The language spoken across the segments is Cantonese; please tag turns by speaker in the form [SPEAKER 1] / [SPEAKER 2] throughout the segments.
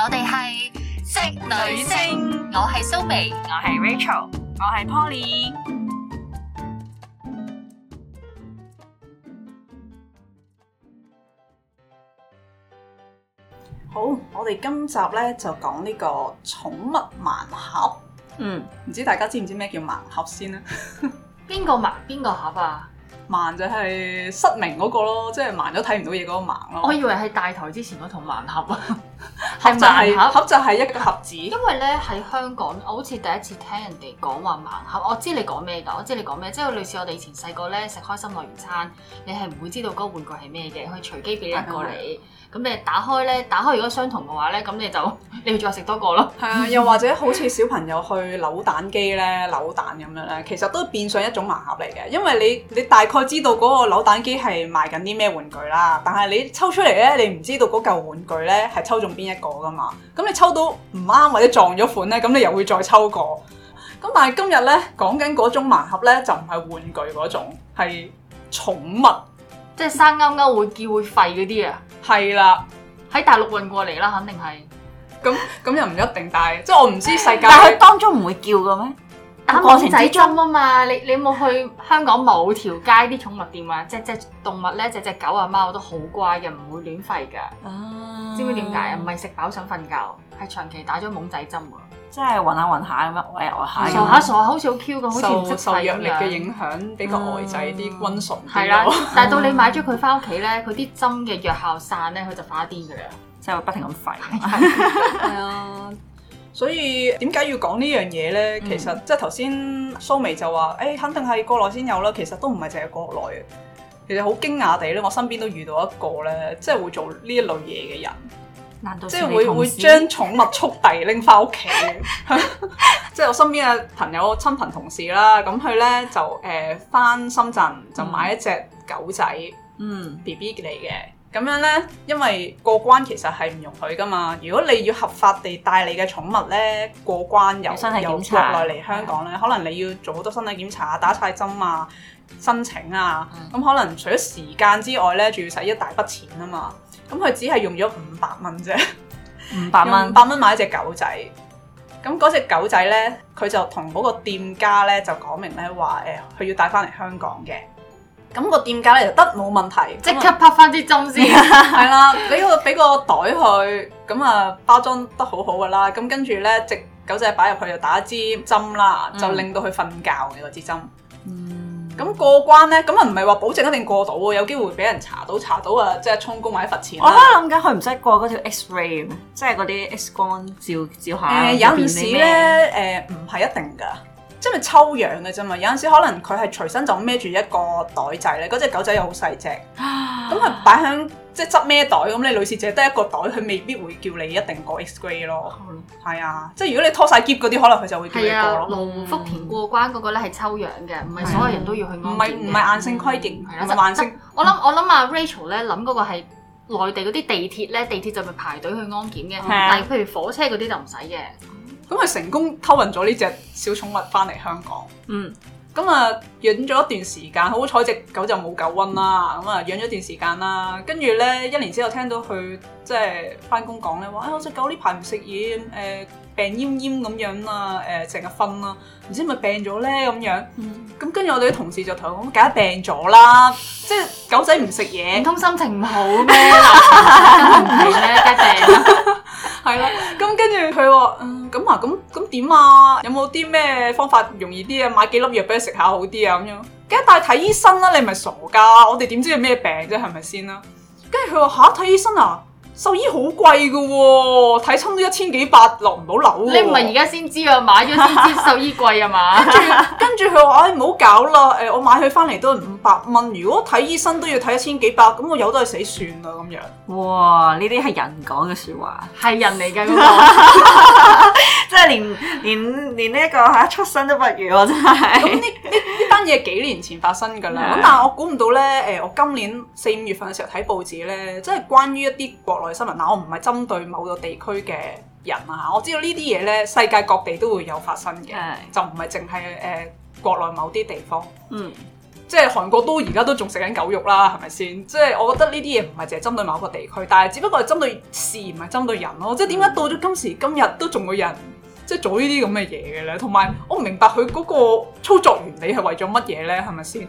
[SPEAKER 1] 我哋係職女聲，女性我係蘇眉，我係 Rachel，我係 Polly。
[SPEAKER 2] 好，我哋今集咧就講呢個寵物盲盒。嗯，唔知大家知唔知咩叫盲盒先咧？邊 個盲邊個盒啊？盲就係失明嗰個咯，即係盲咗睇唔到嘢嗰個盲咯。我以為係大
[SPEAKER 3] 台之前嗰套盲盒啊。 盒仔盒盒就係、是、盒一個盒子，盒子，因為咧喺香港，我好似第一次聽人哋講話盲盒，我知你講咩噶，我知你講咩，即係類似我哋以前細個咧食開心樂園餐，你係唔會知道嗰個玩具係咩嘅，可以隨機俾一個你，咁你打開咧，打開如果相同嘅話咧，咁你就你，就你就再食多個咯，係 啊，又或者好似
[SPEAKER 2] 小朋友去扭蛋機咧扭蛋咁樣咧，其實都變相一種盲盒嚟嘅，因為你你大概知道嗰個扭蛋機係賣緊啲咩玩具啦，但係你抽出嚟咧，你唔知道嗰嚿玩具咧係抽咗。邊一個噶嘛？咁你抽到唔啱或者撞咗款呢，咁你又會再抽過。咁、呃、但係今日呢，講緊嗰種盲盒呢，就唔係玩具嗰種，係寵物，即係生勾勾會叫會吠嗰啲啊。係啦，喺大陸運過嚟啦，肯定係。咁咁又唔一定， 但係即係我唔知世界。但
[SPEAKER 1] 係佢當中唔會叫嘅咩？
[SPEAKER 3] 打懵仔針啊嘛！你你有冇去香港某條街啲寵物店啊？只隻動物咧，只只狗啊貓都好乖嘅，唔會亂吠噶。嗯、知唔知點解啊？唔係食飽想瞓覺，係長期打咗懵仔針喎。即係暈，暈，暈，暈下暈下咁樣，呆下呆下咁。傻下傻下，好似好 Q 嘅，好似受受藥力嘅影響比，比較呆仔啲，溫順啲。係啦，但係到你買咗佢翻屋企咧，佢啲針嘅藥效散咧，佢就發癲嘅啦，嗯、就會不停咁吠。係
[SPEAKER 1] 啊。
[SPEAKER 2] 所以點解要講呢樣嘢呢？嗯、其實即係頭先蘇眉就話，誒、欸，肯定係國內先有啦。其實都唔係淨係國內。其實好驚訝地咧，我身邊都遇到一個呢，即係會做呢一類嘢嘅人，
[SPEAKER 1] 即係會會將
[SPEAKER 2] 寵物速遞拎翻屋企。 即係我身邊嘅朋友、親朋同事啦，咁佢呢，就誒翻、呃、深圳就買一隻狗仔，
[SPEAKER 1] 嗯，B
[SPEAKER 2] B 嚟嘅。寶寶咁樣咧，因為過關其實係唔容許噶嘛。如果你要合法地帶你嘅寵物咧過關由，身體檢查，由由國內嚟香港咧，的可能你要做好多身體檢查啊、打晒針啊、申請啊，咁的可能除咗時間之外咧，仲要使一大筆錢啊嘛。咁佢只係用咗五百蚊啫，
[SPEAKER 1] 五百蚊，五百
[SPEAKER 2] 蚊買一隻狗仔。咁嗰隻狗仔咧，佢就同嗰個店家咧就講明咧話，誒，佢要帶翻嚟香港嘅。咁個店解嚟就得冇問題？即刻
[SPEAKER 3] 拍翻支針先、啊，係 啦，俾個
[SPEAKER 2] 俾個袋佢，咁啊包裝得好好噶啦。咁、啊、跟住咧，隻狗仔擺入去就打支針啦，嗯、就令到佢瞓覺嘅個支針。咁、嗯、過關咧，咁啊唔係話保證一定過到啊，有機會俾人查到，查到啊，即係充公或者罰錢。我都諗緊佢唔使過嗰條 X ray，嗯、
[SPEAKER 1] 即係嗰啲 X 光照照下、呃。有陣時咧，
[SPEAKER 2] 誒唔係一定㗎。嗯即係抽樣嘅啫嘛，有陣時可能佢係隨身就孭住一個袋仔咧，嗰隻狗仔又好細隻，咁佢擺喺即係執咩袋咁，你女士就得一個袋，佢未必會叫你一定過 X-ray 咯。係、嗯、啊，即係如果你拖晒喼嗰啲，可能佢就會叫
[SPEAKER 3] 你過咯。啊、福田過關嗰個咧係抽樣嘅，唔係所有人都要去安檢。唔係唔係硬性規定，係啦、嗯，硬性、啊。我諗我諗阿 Rachel 咧諗嗰個係內地嗰啲地鐵咧，地鐵就咪排隊去安檢嘅，啊、但係譬如火車嗰啲就唔使嘅。
[SPEAKER 2] 咁佢成功偷運咗呢隻小寵物翻嚟香港。嗯，咁啊養咗一段時間，好彩隻狗就冇狗瘟啦。咁啊養咗一段時間啦，跟住咧一年之後聽到佢。即係翻工講咧，話啊，我隻狗呢排唔食嘢，誒病奄奄咁樣啊，誒成日瞓啦，唔知咪病咗咧咁樣。咁跟住我哋啲同事就同我講：梗係病咗啦！即係狗仔唔食嘢，唔通心情唔好咩？唔係咩？梗係病啦。咁跟住佢話：咁啊，咁咁點啊？有冇啲咩方法容易啲啊？買幾粒藥俾佢食下好啲啊？咁樣，梗係帶睇醫生啦！你咪傻㗎？我哋點知佢咩病啫？係咪先啦？跟住佢話：嚇，睇醫生啊！獸醫好貴噶喎，睇親都一千幾百落唔到樓。留你唔係而家先知啊，
[SPEAKER 3] 買咗先知獸醫貴啊嘛？
[SPEAKER 2] 跟住佢話，哎，唔好搞啦，誒，我買佢翻嚟，都五百蚊，如果睇醫生都要睇一千幾百，咁我有得佢死算啦
[SPEAKER 3] 咁樣。
[SPEAKER 1] 哇，呢啲係人講嘅說話，係人嚟噶？即係連連連呢一個吓出生都不如，真係。 啲嘢幾年前發生㗎啦，咁 Yeah. 但係我
[SPEAKER 2] 估唔到咧，誒，我今年四五月份嘅時候睇報紙咧，即係關於一啲國內新聞，嗱，我唔係針對某個地區嘅人啊，我知道呢啲嘢咧，世界各地都會有發生嘅，Yeah. 就唔係淨係誒國內某啲地方，嗯，mm. 即係韓國都而家都仲食緊狗肉啦，係咪先？即係我覺得呢啲嘢唔係淨係針對某個地區，但係只不過係針對事，唔係針對人咯，啊，mm. 即係點解到咗今時今日都仲會有人？即係做呢啲咁嘅嘢嘅咧，同埋我唔明白佢嗰個操作原理係為咗乜嘢咧？係咪先？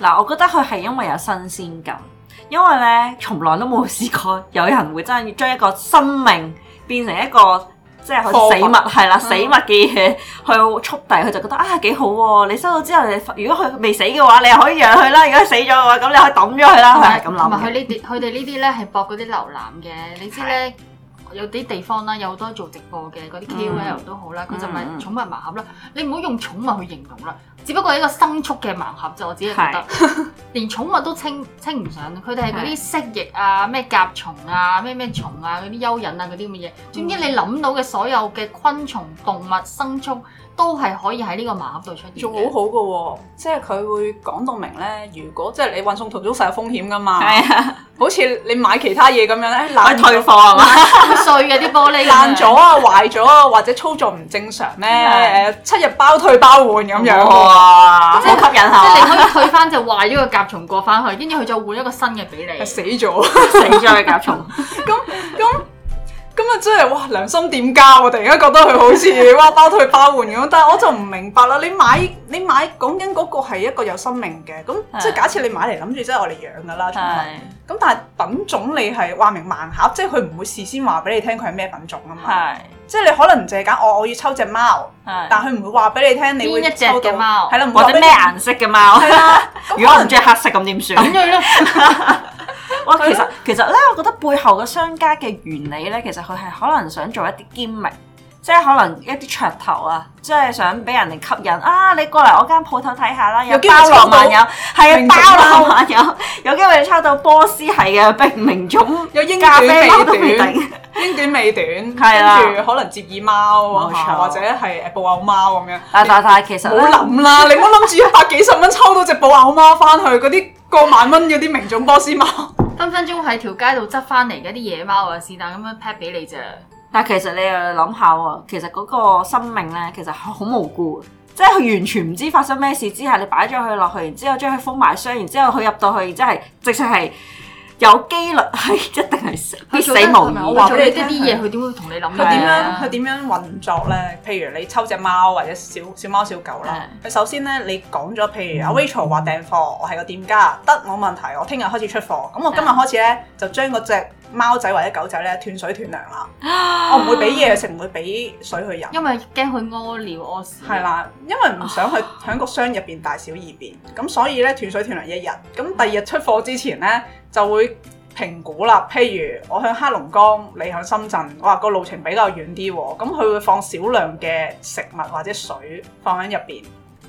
[SPEAKER 1] 嗱，我覺得佢係因為有新鮮感，因為咧從來都冇試過有人會真係將一個生命變成一個即係死物係啦迫，死物嘅嘢去速遞，佢就覺得啊幾好喎、啊！你收到之後你，你如果佢未死嘅話，你又可以養佢啦；如果死咗嘅話，咁你可以抌咗佢啦。佢係咁
[SPEAKER 3] 諗。佢呢啲佢哋呢啲咧係博嗰啲瀏覽嘅，你知咧。是的 有啲地方啦，有好多做直播嘅嗰啲 KOL 都好啦，佢、嗯、就咪寵物盲盒啦。嗯、你唔好用寵物去形容啦，只不過一個生畜嘅盲盒，就我自己覺得，是 連寵物都稱稱唔上。佢哋係嗰啲蜥蜴啊、咩甲蟲啊、咩咩蟲啊、嗰啲蚯蚓啊嗰啲咁嘅嘢。總之你諗到嘅所有嘅昆蟲動物生畜。都係可以喺呢個碼度出嚟，仲好好
[SPEAKER 2] 嘅喎、哦，即係佢
[SPEAKER 3] 會講到明咧。如
[SPEAKER 2] 果即係你運送途中實有風險嘅嘛，係啊，好似你買其他嘢咁樣咧，爛
[SPEAKER 3] 退貨係
[SPEAKER 2] 嘛？碎嘅啲玻璃爛咗啊，壞咗啊，或者操作唔正常咩、 呃？七日包退包換
[SPEAKER 3] 咁樣，哇， 好吸引下，即係你可以退翻隻壞咗嘅甲蟲過翻去，跟住佢就換一個新嘅俾你。死咗 了， 死咗嘅甲蟲咁咁。 咁啊，真係哇！良心點交？我突然間覺得佢好似哇包
[SPEAKER 2] 退包換咁，但係我就唔明白啦。你買你買講緊嗰個係一個有生命嘅，咁即係假設你買嚟諗住即係我哋養噶啦，咁是的 但係品種你係話明盲盒，即係佢唔會事先話俾你聽佢係咩品種啊嘛。是的 即係你可能淨係揀我，我要抽隻貓，
[SPEAKER 1] 是的 但佢唔會話俾你聽你，你會抽邊一隻嘅貓，係啦，唔會話咩顏色嘅貓。 如果我唔鍾意黑色咁點算？咁樣咯。 哇，其實其實咧，我覺得背後嘅商家嘅原理咧，其實佢係可能想做一啲兼味，即係可能一啲噱頭啊，即係想俾人哋吸引啊！你過嚟我間鋪頭睇下啦，有包羅萬有，係啊，包羅萬有，有機會你抽到波斯系嘅名名種，有英短美短，英
[SPEAKER 2] 短未短，跟住可能折耳貓，冇錯，或者係布偶貓咁樣。但但但其實，唔好諗啦，你唔好諗住一百幾十蚊抽到隻布偶貓翻去，嗰啲過萬蚊嗰啲名種波斯貓。
[SPEAKER 3] 分分鐘喺條街度執翻嚟嘅啲野貓啊，是但咁樣 pat 俾你咋？但係其實你又諗下喎，其實嗰個
[SPEAKER 1] 生命咧，其實好無辜，即係佢完全唔知發生咩事之下，你擺咗佢落去，然之後將佢封埋箱，然之後佢入到去，然之係，直情係。有機率係一定係死，必
[SPEAKER 2] 死無疑。是是我話俾你聽，啲嘢佢點會同你諗，佢點樣佢點樣運作咧？譬如你抽隻貓或者小小貓小狗啦。佢的首先咧，你講咗，譬如阿 Rachel 話訂貨，我係個店家，得，冇問題，我聽日開始出貨。咁我今日開始咧，就將嗰隻。貓仔或者狗仔咧斷水斷糧啦，
[SPEAKER 3] 啊、我唔會俾嘢食，
[SPEAKER 2] 唔會俾水去飲，因
[SPEAKER 3] 為驚佢屙尿屙屎。係啦，
[SPEAKER 2] 因為唔想去喺個箱入邊大小二便，咁、啊、所以咧斷水斷糧一日。咁第二日出貨之前咧就會評估啦。譬如我響黑龍江，你響深圳，我話個路程比較遠啲，咁佢會放少量嘅食物或者水放喺入邊。
[SPEAKER 1] 誒、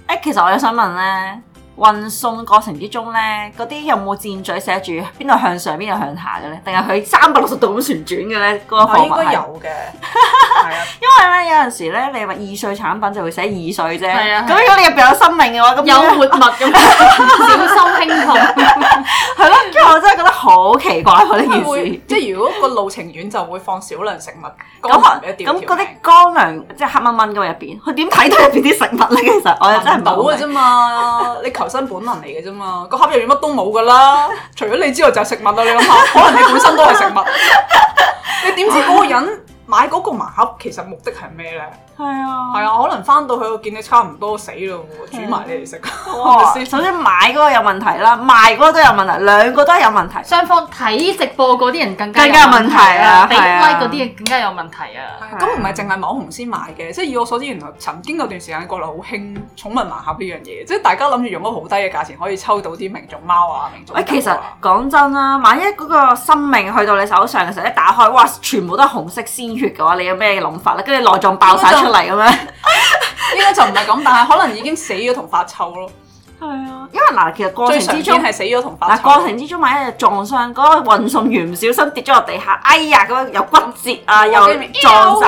[SPEAKER 1] 欸，其實我又想問咧。運送過程之中咧，嗰啲有冇箭嘴寫住邊度向上，邊度向下嘅咧？定係佢三百六十度咁旋轉嘅咧？嗰是個應該有嘅， 因為咧有陣時咧，你話易碎產品就會寫易碎啫。係啊，咁、啊、如果你入邊有生命嘅話，咁有活物咁小心輕痛。我真係覺得好奇怪佢呢件事，會 即係如果個
[SPEAKER 2] 路程遠就會放少量食物。咁咁嗰啲乾糧即係黑蚊蚊噶嘛，入邊，佢點睇到入邊啲食物咧？其實我又真係冇嘅啫嘛，你求生本能嚟嘅啫嘛，個盒入邊乜都冇噶啦，除咗你之外就係食物啦。你諗下，可能你本身都係食物， 你點知嗰個人？買嗰個盲盒其實目的係咩呢？係啊，係啊，可
[SPEAKER 1] 能翻到去我見你差唔多死咯，啊、煮埋你嚟食，首先買嗰個有問題啦，賣嗰個都有問題，兩個都係有問題。雙方睇直播嗰啲人更加有問
[SPEAKER 2] 題啦，俾 like 嗰啲嘢更加有問題啊！咁唔係淨係網紅先買嘅，即係以我所知，原來曾經嗰段時間國內好興寵物盲盒呢樣嘢，即係大家諗住用咗好低嘅價錢可以抽到啲名種貓啊！喂、啊欸，其實
[SPEAKER 1] 講真啦，萬一嗰個生命去到你手上嘅時候，一打開哇，全部都係紅色鮮～嘅話，你有咩諗法咧？跟住內臟爆晒出嚟咁 樣，應該就唔係咁，但係可能已經死咗同發臭咯。係是啊，因為嗱，其實過程之中係死咗同發臭。嗱，過程之中萬一撞上嗰個運送員唔小心跌咗落地下，哎呀，嗰個有骨折啊，又撞晒。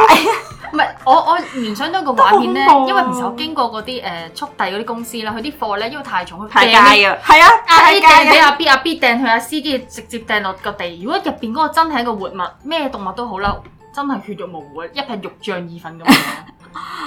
[SPEAKER 3] 唔係、欸哦， 我我聯想到個畫面咧，因為唔少經過嗰啲誒速遞嗰啲公司啦，佢啲貨咧因為太重，佢掟啊。係啊，掟俾阿 B 阿 B 掟去，阿司機直接掟落個地。如果入邊嗰個真係一個活物，咩動物都好嬲。嗯。真係血肉模糊，一係肉醬意粉咁樣。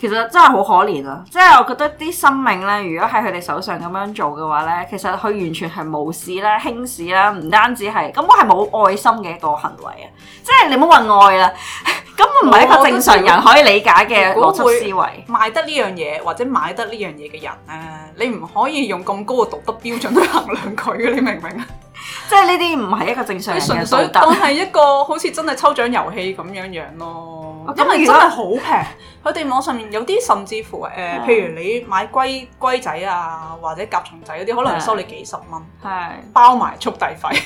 [SPEAKER 1] 其實真係好可憐啊！即係我覺得啲生命咧，如果喺佢哋手上咁樣做嘅話咧，其實佢完全係無視啦，輕視啦，唔單止係根本係冇愛心嘅一個行為啊！即係你唔好話愛啊， 根本唔係一個正常人可以理解嘅邏輯思維。
[SPEAKER 2] 會賣得呢樣嘢或者買得呢樣嘢嘅人咧， 你唔可以用咁高嘅道德標準去衡量佢嘅，你明唔明啊？ 即係呢啲唔係一個正常嘅純粹當係一個好似真係抽獎遊戲咁樣樣咯，因為真係好平。佢哋網上面有啲甚至乎誒，譬如你買龜龜仔啊，或者甲蟲仔嗰啲，可能收你
[SPEAKER 1] 幾十蚊，係包埋速遞費。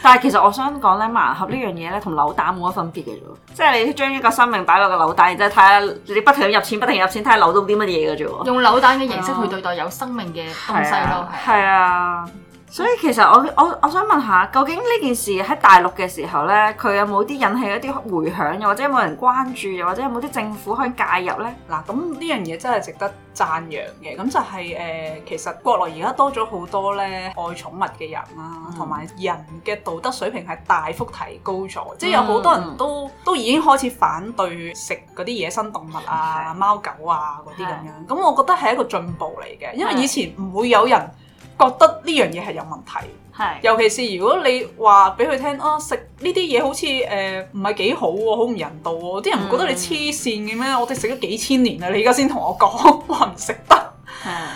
[SPEAKER 1] 但係其實我想講咧，盲盒呢樣嘢咧，
[SPEAKER 3] 同扭蛋冇乜分別嘅啫。
[SPEAKER 1] 即係你將一個生命擺落個扭蛋，然之後睇下你不停入錢，不停入錢，睇下扭到啲乜嘢嘅啫。
[SPEAKER 3] 用扭蛋嘅形式去對待有生命嘅東西咯，係啊。
[SPEAKER 1] 所以其實我我我想問下，究竟呢件事喺大陸嘅時候呢，佢有冇啲引起一啲迴響，又或者冇人關注，又或者有冇啲政府可以介入呢？嗱，咁
[SPEAKER 2] 呢樣嘢真係值得讚揚嘅。咁就係、是、誒、呃，其實國內而家多咗好多呢愛寵物嘅人啦、啊，同埋、嗯、人嘅道德水平係大幅提高咗，嗯、即係有好多人都都已經開始反對食嗰啲野生動物啊、的貓狗啊嗰啲咁樣。咁的我覺得係一個進步嚟嘅，因為以前唔會有人的。覺得呢樣嘢係有問題，是尤其是如果你話俾佢聽啊，食呢啲嘢好似誒唔係幾好喎，好唔人道喎，啲、嗯、人唔覺得你黐線嘅咩？我哋食咗幾千年啦，你而家先同我講話唔食得，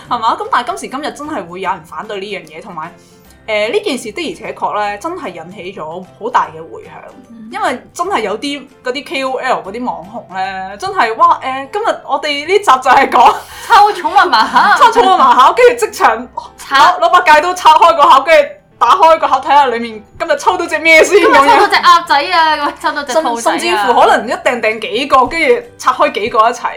[SPEAKER 2] 係 嘛？咁是但係今時今日真係會有人反對呢樣嘢，同埋。誒呢件事的而且確咧，真係引起咗好大嘅迴響，因為真係有啲嗰啲 KOL 嗰啲網紅咧，真係哇誒！今日我哋呢集就係講
[SPEAKER 3] 抽寵物盲盒，抽寵物盲盒，
[SPEAKER 2] 跟住即場老老八戒都拆開個盒，跟住打開個盒睇下裡面今日抽到隻咩先咁樣，抽到隻
[SPEAKER 3] 鴨仔啊，咁抽到隻甚至乎可能一
[SPEAKER 2] 訂訂幾個，跟住拆開幾個一齊，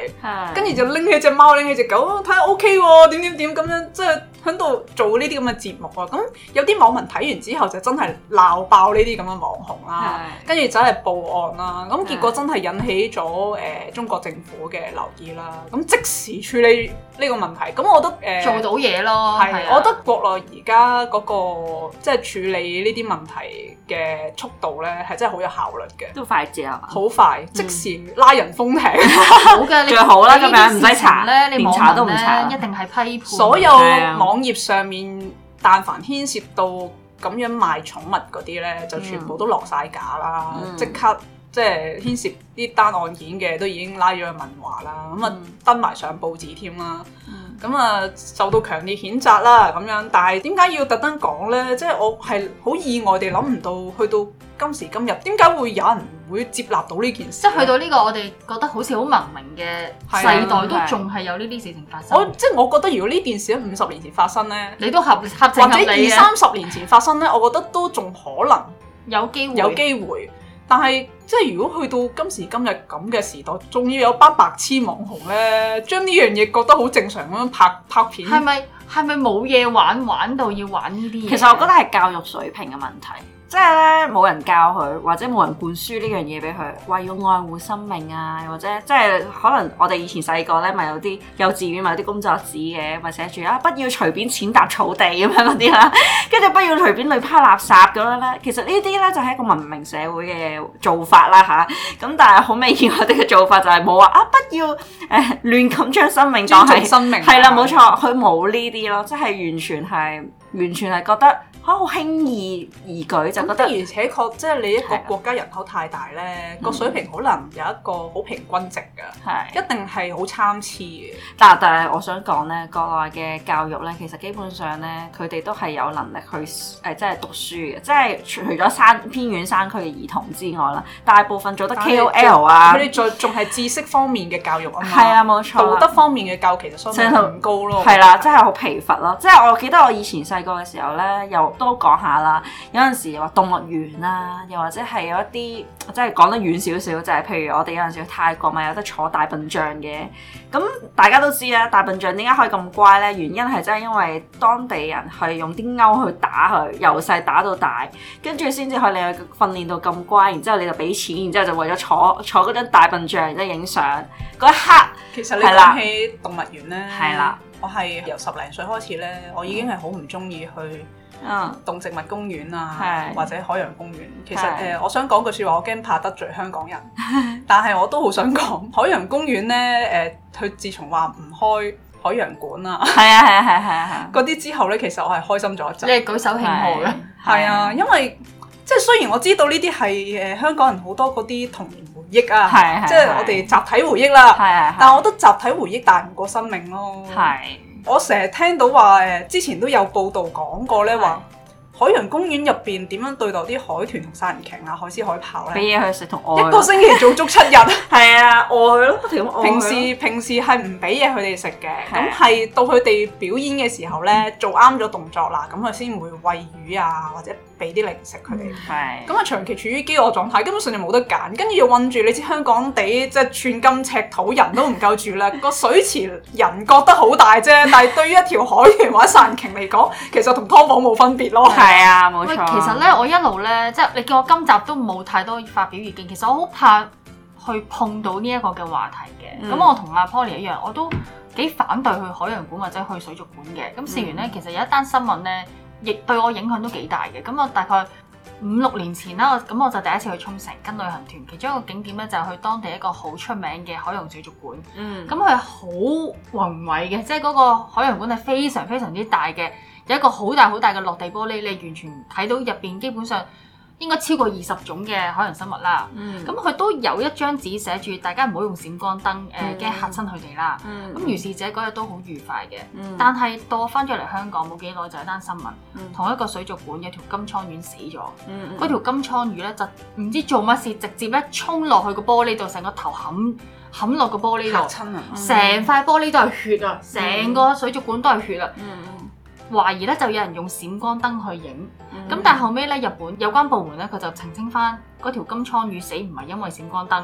[SPEAKER 2] 跟住就拎起隻貓，拎起隻狗，睇下 OK 喎，點點點咁樣，即係。喺度做呢啲咁嘅節目啊，咁有啲網民睇完之後就真係鬧爆呢啲咁嘅網紅啦，跟住走嚟報案啦，咁結果真係引起咗誒中國政府嘅留意啦，咁即時處理呢個問題，咁我覺得做到嘢咯，係，我覺得國內而家嗰個即係處理呢啲問題嘅速度咧，係真係好有效率嘅，都快捷啊嘛，好快，即時拉人封艇，好嘅，最好啦咁樣，唔使查咧，你網民都唔查，一定係批判所有網。網頁上面但凡牽涉到咁樣賣寵物嗰啲咧，就全部都落晒架啦，嗯！即刻即係牽涉呢單案件嘅，都已經拉咗去問話啦。咁啊、嗯、登埋上報紙添啦。嗯咁啊、嗯，受到強烈譴責啦，咁樣。但係點解要特登講咧？即、就、係、是、我係好意外地諗唔到，去到今時今日，點解會有人會接納到呢件事呢？即係去到
[SPEAKER 3] 呢、這個，我哋覺得好似好文明嘅世代，都仲係有呢啲事情發生。即係我、就
[SPEAKER 2] 是、我覺得，如果呢件事喺五十年前發生咧，你都合合情合理啊！或者二三十年前發生咧，合合我覺得都仲可能有機會。有機會。但係，即係如果去到今時今日咁嘅時代，仲要有班白痴網紅咧，
[SPEAKER 3] 將呢樣嘢覺得好正常咁樣拍拍片，係咪係咪冇嘢玩玩到要玩呢啲嘢？其實我覺得係教育水平嘅問題。
[SPEAKER 1] 即係咧，冇人教佢，或者冇人灌輸呢樣嘢俾佢，話要愛護生命啊，或者即係、就是、可能我哋以前細個咧，咪有啲幼稚園咪有啲工作紙嘅，咪寫住啊，不要隨便踐踏草地咁樣嗰啲啦，跟住不要隨便去拋垃圾咁樣咧。其實呢啲咧就係一個文明社會嘅做法啦吓。咁、啊、但係好明顯我哋嘅做法就係冇話啊，不要誒亂咁將生命當係生命、啊。係啦冇錯，佢冇呢啲咯，即係、就是、完全係。完全係覺得嚇好輕易而舉，但 就覺得而且確，即係你一個國家人口
[SPEAKER 2] 太大咧，個了水平可能有一個好平均值
[SPEAKER 1] 嘅，係、嗯、一定係好參差嘅。但係但係我想講咧，國內嘅教育咧，其實基本上咧，佢哋都係有能力去誒，即係讀書嘅，即係除咗山偏遠山區嘅兒童之外啦，大部分做得 K O L 啊，佢哋仲仲係知識方面嘅教育 啊，係啊冇錯，道德方面嘅教育其實相當唔
[SPEAKER 2] 高咯，係啦同，
[SPEAKER 1] 真真即係好疲乏咯，即係我記得我以前細個嘅時候咧，又多講下啦。有陣時又話動物園啦、啊，又或者係有一啲，即係講得遠少少，就係、是、譬如我哋有陣時去泰國咪有得坐大笨象嘅。咁大家都知啦，大笨象點解可以咁乖咧？原因係真係因為當地人係用啲勾去打佢，由細打到大，跟住先至去你令佢訓練到咁乖。然之後你就俾錢，然之後就為咗坐坐嗰張大笨象，然之後影相嗰一刻。其實你講起動物
[SPEAKER 2] 園咧，係啦。我係由十零歲開始咧，我已經係好唔中意去啊動植物公園啊，啊或者海洋公園。其實誒的、呃，我想講句說話，我驚怕，怕得罪香港人， 但係我都好想講海洋公園呢。誒、呃，佢自從話唔開海洋館啦、啊，係啊係啊係係啊係。嗰啲 之後呢，其實我係開心咗一陣。你舉手慶賀嘅，係啊，因為即係雖然我知道呢啲係誒香港人好多嗰啲童年。憶啊，是是是即係我哋集體回憶啦。是是是但係我覺得集體回憶大唔過生命咯。是是我成日聽到話，誒，之前都有報道講過咧話。海洋公園入邊點樣對待啲海豚同殺人鯨啊、海獅、海豹咧？俾嘢佢食同餓、啊，一個星期做足，足七日。係啊，餓咯，平時平時係唔俾嘢佢哋食嘅，咁係的到佢哋表演嘅時候咧，嗯、做啱咗動作啦，咁佢先會餵魚啊，或者俾啲零食佢哋。係的。咁啊的，長期處於飢餓狀態，根本上就冇得揀，跟住要困住。你知香港地即係寸金尺土，人都唔夠住啦，個 水池人覺得好大啫，但係對於一條海豚或者殺人鯨嚟講，其實同劏房冇分別咯。 係啊，冇錯。其實咧，我
[SPEAKER 3] 一路咧，即係你叫我今集都冇太多發表意見。其實我好怕去碰到呢一個嘅話題嘅。咁、嗯、我同阿 Polly 一樣，我都幾反對去海洋館或者去水族館嘅。咁試完咧，其實有一單新聞咧，亦對我影響都幾大嘅。咁我大概……五六年前啦，我咁我就第一次去沖繩跟旅行團，其中一個景點咧就係去當地一個好出名嘅海洋水族館。嗯，咁佢好宏偉嘅，即係嗰個海洋館係非常非常之大嘅，有一個好大好大嘅落地玻璃，你完全睇到入邊基本上。應該超過二十種嘅海洋生物啦，咁佢都有一張紙寫住大家唔好用閃光燈，誒驚嚇親佢哋啦。咁於是者嗰日都好愉快嘅，但係到返咗嚟香港冇幾耐就係單新聞，同一個水族館有條金槍魚死咗，嗰條金槍魚咧就唔知做乜事，直接一衝落去個玻璃度，成個頭冚冚落個玻璃度，成塊玻璃都係血啊，成個水族館都係血啊。懷疑咧就有人用閃光燈去影，咁、嗯、但後尾咧日本有關部門咧佢就澄清翻，嗰條金槍魚死唔係因為閃光燈。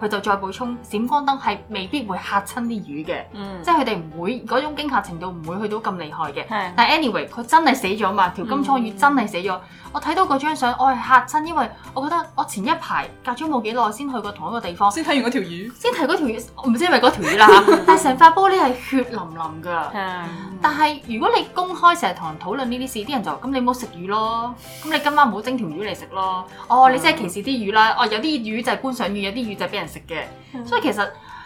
[SPEAKER 3] 佢就再補充閃光燈係未必會嚇親啲魚嘅，嗯、即係佢哋唔會嗰種驚嚇程度唔會去到咁厲害嘅。是但係 anyway，佢真係死咗嘛？條金鯧魚真係死咗。嗯、我睇到嗰張相，我、哎、係嚇親，因為我覺得我前一排隔咗冇幾耐先去過同一個地方，先睇完嗰條魚，先睇嗰條魚，唔知係咪嗰條魚啦。 但係成塊玻璃係血淋淋㗎。是嗯、但係如果你公開成日同人討論呢啲事，啲人就咁你唔好食魚咯，咁你今晚唔好蒸條魚嚟食咯。哦，嗯、你即係歧視啲魚啦。哦，有啲魚就係觀賞魚，有啲魚就係俾人。食嘅， 所以其實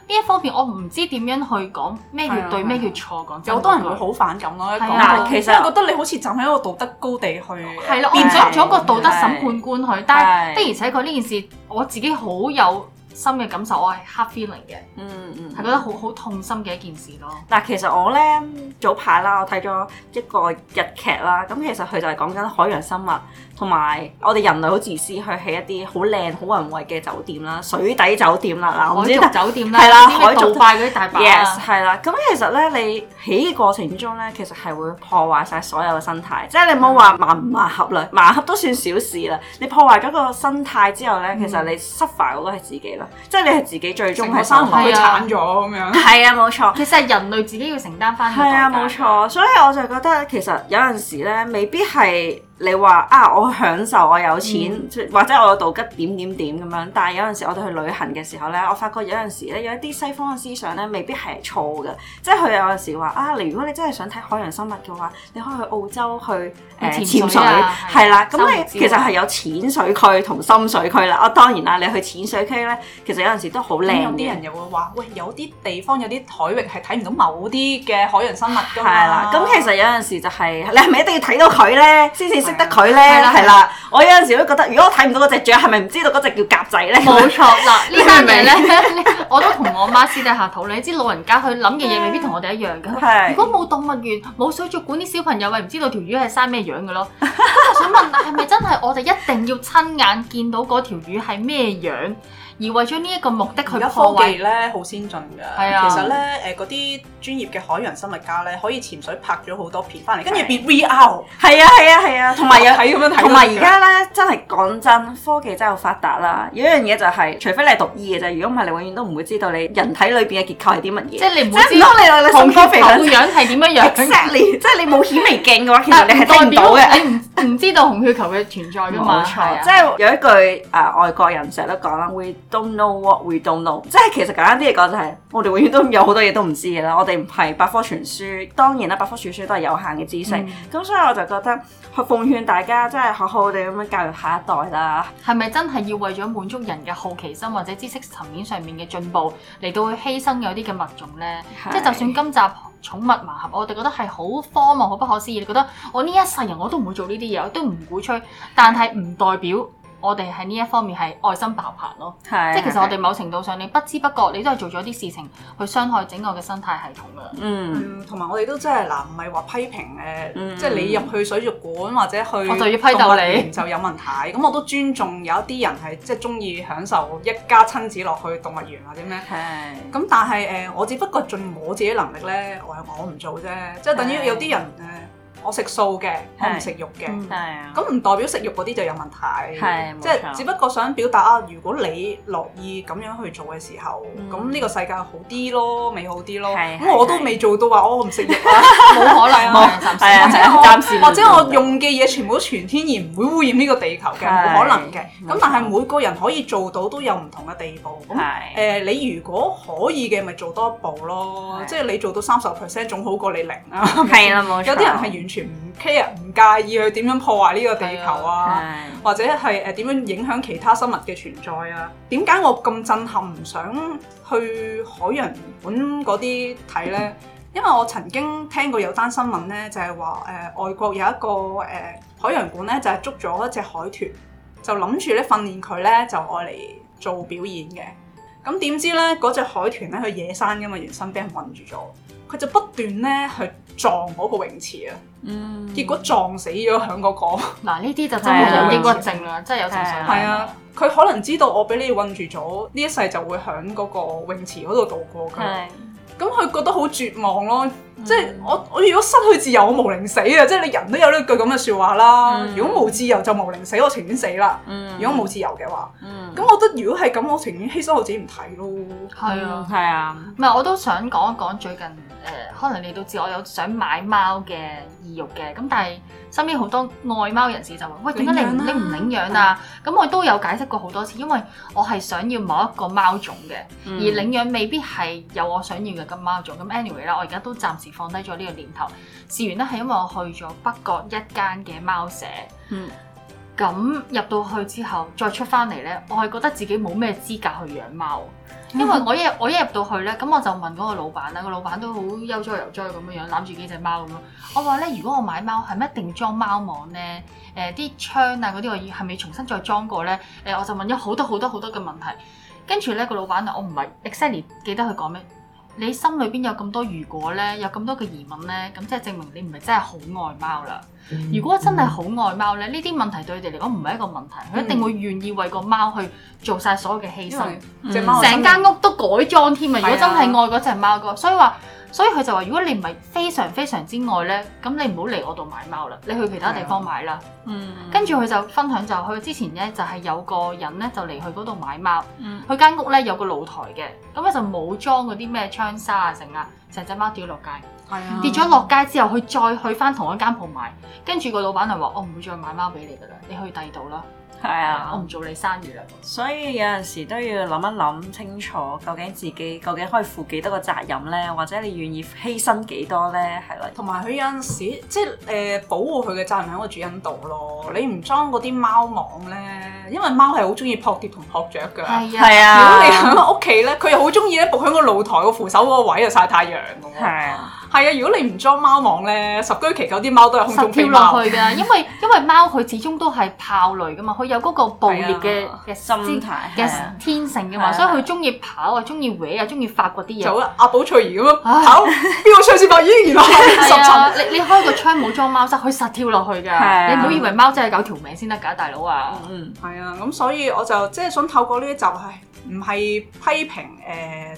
[SPEAKER 3] 呢一方面我唔知點樣去講咩叫對咩
[SPEAKER 2] 叫、 啊、錯，講有好多人
[SPEAKER 3] 會好反感咯、啊。嗱， 啊、其實我覺
[SPEAKER 2] 得你好似站喺一個道德高地去，
[SPEAKER 3] 係咯，變咗咗個道德審判官去、 啊，但，但的而且確呢件事我自己好有心嘅感受，我受，我係 hard feeling 嘅，係、嗯、覺得好好、嗯、痛心嘅一件事咯。
[SPEAKER 1] 嗱，其實我咧早排啦，我睇咗一個日劇啦，咁其實佢就係講緊海洋生物同埋我哋人類好自私去起一啲好靚好宏偉嘅酒店啦，水底酒店啦，嗱、呃，我知酒店啦，係啦、嗯，海造塊嗰啲大把 yes、啊係啦、嗯。咁其實咧，你起嘅過程中咧，其實係會破壞晒所有嘅生態，即係你冇話盲唔盲盒啦，盲盒都算小事啦。你破壞咗個生態之後咧，其實你 suffer 嗰個係自己啦。即係你係自己最終係生房產咗
[SPEAKER 3] 咁樣。啊，係啊冇錯，其實係人類自己要承擔翻。啊，係啊冇錯，
[SPEAKER 1] 所以我就覺得其實有陣時咧未必係。你話啊，我享受我有錢，嗯、或者我有道吉點點點咁樣。但係有陣時我哋去旅行嘅時候咧，我發覺有陣時咧有一啲西方嘅思想咧，未必係錯嘅。即係佢有陣時話啊，你如果你真係想睇海洋生物嘅話，你可以去澳洲去誒、嗯、潛水係、啊、啦。咁你、啊、的其實係有淺水區同深水區啦。我當然啦，你去淺水區咧，其實有陣時都好靚。有啲人
[SPEAKER 2] 又會話喂，有啲地方有啲海域係睇唔到某啲嘅海洋生物㗎嘛。係啦，咁
[SPEAKER 1] 其實有陣時就係、是、你係咪一定要睇到佢咧先至？識得佢咧，係啦！我有陣時都覺得，如果我睇唔到嗰隻雀，係咪唔知道嗰隻叫鴿仔咧？冇錯啦， 呢單嘢咧，
[SPEAKER 3] 我都同我媽私底下討論。你知老人家去諗嘅嘢未必同我哋一樣嘅。的如果冇動物園、冇水族館，啲小朋友係唔知道條魚係生咩樣嘅咯。 我想問下係咪真係我哋一定要親眼見到嗰條魚係咩樣？而為咗呢一個目的佢破壞。而家科技咧好先進㗎，其實咧
[SPEAKER 2] 誒嗰啲專業嘅海洋生物家咧，可以潛水拍咗好多片翻嚟，跟住變
[SPEAKER 3] VR。係啊係
[SPEAKER 1] 啊係啊，同埋有睇咁樣睇。同埋而家咧真係講真，科技真係好發達啦。有一樣嘢就係，除非你係讀醫嘅，啫，如果唔係，你永遠都唔會知道你人體裏邊嘅結構係啲乜嘢。即係你唔會知道紅血球嘅樣係點樣樣。即係你冇顯微鏡嘅話，其實你係睇唔到嘅。你
[SPEAKER 3] 唔唔知道紅血球嘅存在㗎嘛？冇錯。即
[SPEAKER 1] 係有一句誒外國人成日都講啦 Don't know what we don't know，即係其實簡單啲嚟講就係、是、我哋永遠都有好多嘢都唔知嘅啦。我哋唔係百科全書，當然啦，百科全書都係有限嘅知識。咁、嗯、所以我就覺得
[SPEAKER 3] 去奉勸大家，真係好好哋咁樣教育下一代啦。係咪真係要為咗滿足人嘅好奇心或者知識層面上面嘅進步嚟到去犧牲有啲嘅物種呢？即係是就，就算今集寵物盲盒，我哋覺得係好荒謬、好不可思議。你覺得我呢一世人我都唔會做呢啲嘢，我都唔鼓吹。但係唔代表。 我哋喺呢一方面係愛心爆棚咯，是是是即係其實我哋某程度上，你不知不覺你都係做咗啲事情去傷害整個嘅生態系統噶。嗯，嗯，同
[SPEAKER 2] 埋我哋都真係嗱，唔係話批評誒，嗯、即係你入去水族館或者去我就要批鬥你，就有問題。咁我都尊重有一啲人係即係中意享受一家親子落去動物園或者咩。係。咁是是 但係誒、呃，我只不過盡我自己能力咧，我係我唔做啫，即係等於有啲人誒。是是我食素嘅，我唔食肉嘅，咁唔代表食肉嗰啲就有問題，即係只不過想表達啊。如果你樂意咁樣去做嘅時候，咁呢個世界好啲咯，美好啲咯。咁我都未做到話我唔食肉，啊，冇可能，啊，暫時，暫時，或者我用嘅嘢全部都全天然，唔會污染呢個地球嘅，冇可能嘅。咁但係每個人可以做到都有唔同嘅地步。咁誒你如果可以嘅，咪做多一步咯，即係你做到三十 percent 總好過你零啊。係啦，冇錯。有啲人係完全。全 K 啊，唔介意去點樣破壞呢個地球啊，或者係誒點樣影響其他生物嘅存在啊？點解我咁震撼唔想去海洋館嗰啲睇呢？因為我曾經聽過有單新聞呢，就係話誒外國有一個誒、呃、海洋館呢，就係、是、捉咗一隻海豚，就諗住咧訓練佢呢，就愛嚟做表演嘅。咁點知咧？嗰隻海豚咧，佢野生噶嘛，原身俾人困住咗，佢就不斷咧去撞嗰個泳池啊！嗯，結果撞死咗喺嗰個。嗱，呢啲就真係有抑鬱症
[SPEAKER 3] 啦，真係有情緒。係啊，
[SPEAKER 2] 佢可能知道我俾你困住咗，呢一世就會喺嗰個泳池嗰度度過。佢咁，佢覺得好絕望咯。嗯、即係我我如果失去自由，我毋寧死啊！即係你人都有呢句咁嘅説話啦。嗯、如果冇自由就毋寧死，我情願死啦。嗯、如果冇自由嘅話，咁、嗯、我覺得如果係咁，我情願犧牲我自己唔睇咯。係啊，係
[SPEAKER 3] 啊。唔係、啊、我都想講一講最近誒、呃，可能你都知我有想買貓嘅意欲嘅，咁但係身邊好多愛貓人士就話：喂，點解你唔領唔領養啊？咁、啊嗯、我都有解釋過好多次，因為我係想要某一個貓種嘅，而領養未必係有我想要嘅咁貓種。咁 anyway 啦，我而家都暫時。放低咗呢個念頭。事緣咧係因為我去咗北角一間嘅貓舍，咁、嗯、入到去之後，再出翻嚟咧，我係覺得自己冇咩資格去養貓，因為我一我一入到去咧，咁我就問嗰個老闆啦，個老闆都好悠哉悠哉咁樣樣攬住幾隻貓咁咯。我話咧，如果我買貓，係咪一定裝貓網咧？誒、呃，啲窗啊嗰啲，我要係咪重新再裝過咧？誒、呃，我就問咗好多好多好多嘅問題，跟住咧個老闆啊，我唔係 exactly 記得佢講咩。你心裏邊有咁多如果呢，有咁多嘅疑問呢，咁即係證明你唔係真係好愛貓啦。嗯、如果真係好愛貓呢，呢啲、嗯、問題對佢哋嚟講唔係一個問題，佢、嗯、一定會願意為個貓去做晒所有嘅犧牲，成間屋都改裝添啊！嗯、如果真係愛嗰隻貓嘅，啊、所以話。所以佢就話：如果你唔係非常非常之愛呢，咁你唔好嚟我度買貓啦，你去其他地方買啦、啊。嗯。跟住佢就分享就佢之前呢，就係有個人呢，就嚟去嗰度買貓，佢間、嗯、屋呢，有個露台嘅，咁佢就冇裝嗰啲咩窗紗啊，成啊，成隻貓掉落街。係啊。跌咗落街之後，佢再去翻同一間鋪買，跟住個老闆就話：我唔會再賣貓俾你㗎啦，你去第二度啦。係啊，我唔做你生意啊！所以有
[SPEAKER 1] 陣時都要諗一諗清楚，究竟自己究竟可以負幾多個責任咧？或者你願意犧牲幾多咧？係咯、啊。同埋佢有陣時即係誒保護佢嘅責任喺
[SPEAKER 2] 個主人度咯。你唔裝嗰啲貓網咧，因為貓係好中意撲蝶同撲雀㗎。係啊。如果你喺屋企咧，佢又好中意咧，伏喺個露台個扶手嗰個位就曬太陽㗎嘛。係啊！如果你唔裝貓網咧，十居其九啲貓都係空中飛貓，實跳落去㗎，因
[SPEAKER 3] 為因為貓佢始終都係豹類㗎嘛，佢有嗰個暴烈嘅嘅心嘅天性㗎嘛，啊、所以佢中意跑啊，中意玩啊，中意發掘啲嘢。啊，
[SPEAKER 2] 阿寶翠兒咁樣跑
[SPEAKER 3] 邊個窗先發現？原來、啊、 你你開個窗冇裝貓砂，佢實跳落去㗎。啊、你唔好以為貓真係九條命先得㗎，大佬啊。嗯，係啊。咁所以我就即係想透
[SPEAKER 2] 過呢一集係唔係批評誒、呃、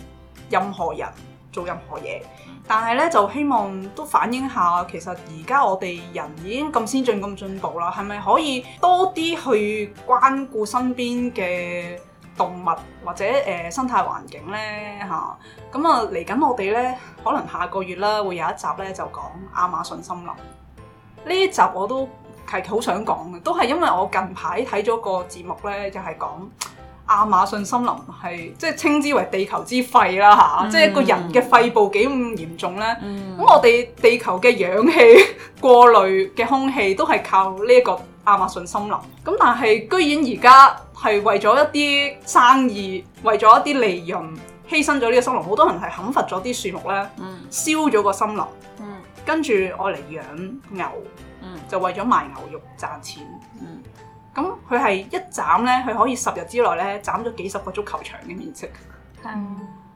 [SPEAKER 2] 任何人做任何嘢。但係咧，就希望都反映下，其實而家我哋人已經咁先進咁進步啦，係咪可以多啲去關顧身邊嘅動物或者誒、呃、生態環境呢？嚇咁啊，嚟緊我哋呢，可能下個月啦會有一集呢，就講亞馬遜森林。呢一集我都係好想講嘅，都係因為我近排睇咗個節目呢，就係、是、講。亞馬遜森林係即係稱之為地球之肺啦嚇，嗯、即係一個人嘅肺部幾咁嚴重呢？咁、嗯、我哋地球嘅氧氣過濾嘅空氣都係靠呢一個亞馬遜森林。咁但係居然而家係為咗一啲生意，為咗一啲利潤，犧牲咗呢個森林，好多人係砍伐咗啲樹木呢，嗯、燒咗個森林，跟住我嚟養牛，嗯、就為咗賣牛肉賺錢。嗯嗯咁佢係一斬咧，佢可以十日之內咧斬咗幾十個足球場嘅面積，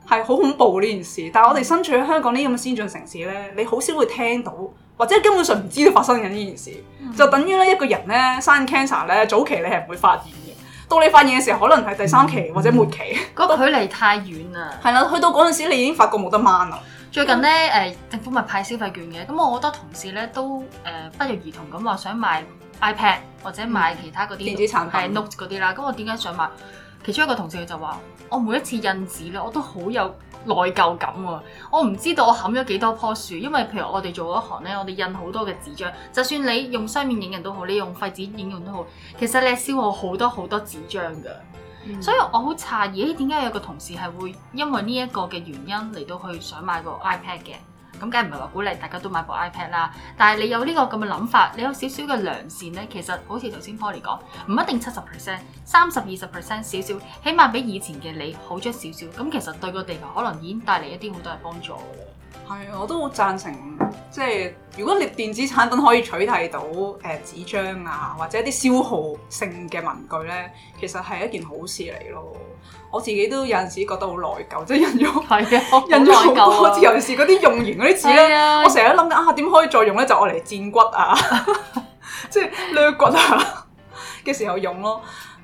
[SPEAKER 2] 係好、嗯、恐怖呢件事。但係我哋身處喺香港呢啲咁嘅先進城市咧，嗯、你好少會聽到，或者根本上唔知道發生緊呢件事，嗯、就等於咧一個人咧生 cancer 咧，早期你係唔會發現嘅。到你發現嘅時候，可能係第三期或者末期，
[SPEAKER 3] 嗰個、嗯、都距離太遠啦。係啦，去到嗰陣時，你已經發覺冇得掹啦。最近咧，誒、呃、政府咪派消費券嘅，咁我好多同事咧都誒不約而同咁話想買。iPad 或者買其他嗰啲、電子產品、note 嗰啲啦，咁我點解想買？其中一個同事佢就話：我每一次印紙咧，我都好有內疚感喎、啊。我唔知道我冚咗幾多棵樹，因為譬如我哋做嗰行咧，我哋印好多嘅紙張，就算你用雙面影印都好，你用廢紙影印都好，嗯、其實你消耗好多好多紙張噶。嗯、所以我好詫異，點解有個同事係會因為呢一個嘅原因嚟到去想買個 iPad 嘅？咁梗唔係話鼓勵大家都買部 iPad 啦，但係你有呢個咁嘅諗法，你有少少嘅良善呢，其實好似頭先 Poly 講，唔一定七十 percent，三十二十 percent 少少，起碼比以前嘅你好咗少少，咁其實對個地球可能已經帶嚟一啲好多嘅幫助。係，我都好贊成，
[SPEAKER 2] 即係如果你電子產品可以取締到誒、呃、紙張啊，或者一啲消耗性嘅文具咧，其實係一件好事嚟咯。我自己都有陣時覺得好內疚，即係印咗，印咗 好多字、啊，尤其是嗰啲用完嗰啲紙咧，啊、我成日都諗緊啊點可以再用咧？就愛嚟斬骨啊， 即係捋骨啊嘅 時候用咯。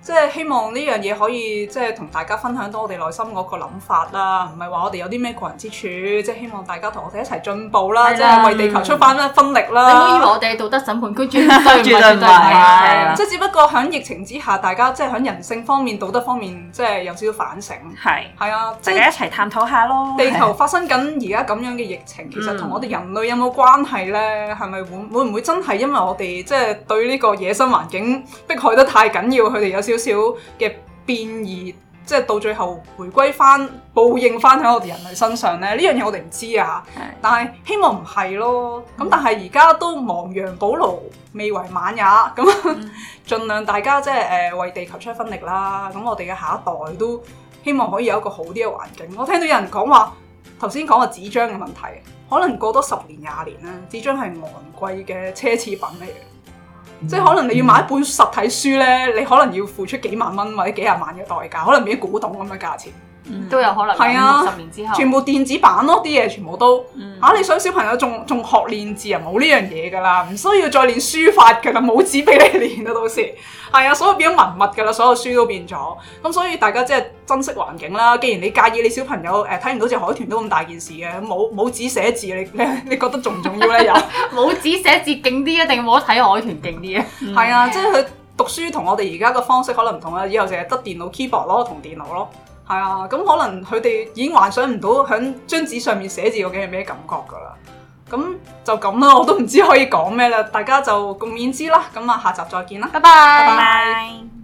[SPEAKER 2] 即係希望呢樣嘢可以即係同大家分享多我哋內心嗰個諗法啦，唔係話我哋有啲咩個人之處，即係希望大家同我哋一齊進步啦，的即係為地球出翻一分力啦。嗯、你唔好以為我
[SPEAKER 3] 哋道德審判居住 係啊的，即係
[SPEAKER 2] 只不過喺疫情之下，大家即係喺人性方面、道德方面，即係有少少反省。係，係啊，即係一齊探討下咯。地球發生緊而家咁樣嘅疫情，的的其實同我哋人類有冇關係咧？係咪會，會唔會真係因為我哋即係對呢個野生環境迫害得太緊要，佢哋有少少少嘅變異，即係到最後回歸翻報應翻喺我哋人類身上咧，呢樣嘢我哋唔知啊。的但係希望唔係咯。咁、嗯、但係而家都亡羊補牢未為晚也，咁、嗯、盡 量大家即係誒為地球出一分力啦。咁我哋嘅下一代都希望可以有一個好啲嘅環境。我聽到有人講話，頭先講個紙張嘅問題，可能過多十年廿年咧，紙張係昂貴嘅奢侈品嚟。即係可能你要買一本實體書咧，你可能要付出幾萬蚊或者幾廿萬嘅代價，可能畀啲古董咁嘅價錢。
[SPEAKER 3] 都有可能，係啊，十年之後全部
[SPEAKER 2] 電子版咯，啲嘢全部都嚇。你想小朋友仲仲學練字啊？冇呢樣嘢噶啦，唔需要再練書法噶啦，冇紙俾你練啊，到時係啊，所以變咗文物噶啦，所有書都變咗咁，所以大家即係珍惜環境啦。既然你介意你小朋友誒睇唔到隻海豚都咁大件事嘅，冇冇紙寫字，你你你覺得重唔重要咧？又冇紙寫字勁啲啊，定冇睇海豚勁啲啊？係啊，即係佢讀書同我哋而家嘅方式可能唔同啦。以後淨係得電腦 keyboard 咯，同電腦咯。係啊，咁可能佢哋已經幻想唔到喺張紙上面寫字究竟係咩感覺噶啦，咁就咁啦，我都唔知可以講咩啦，大家就共勉之啦，咁啊下集再見啦，拜拜拜拜。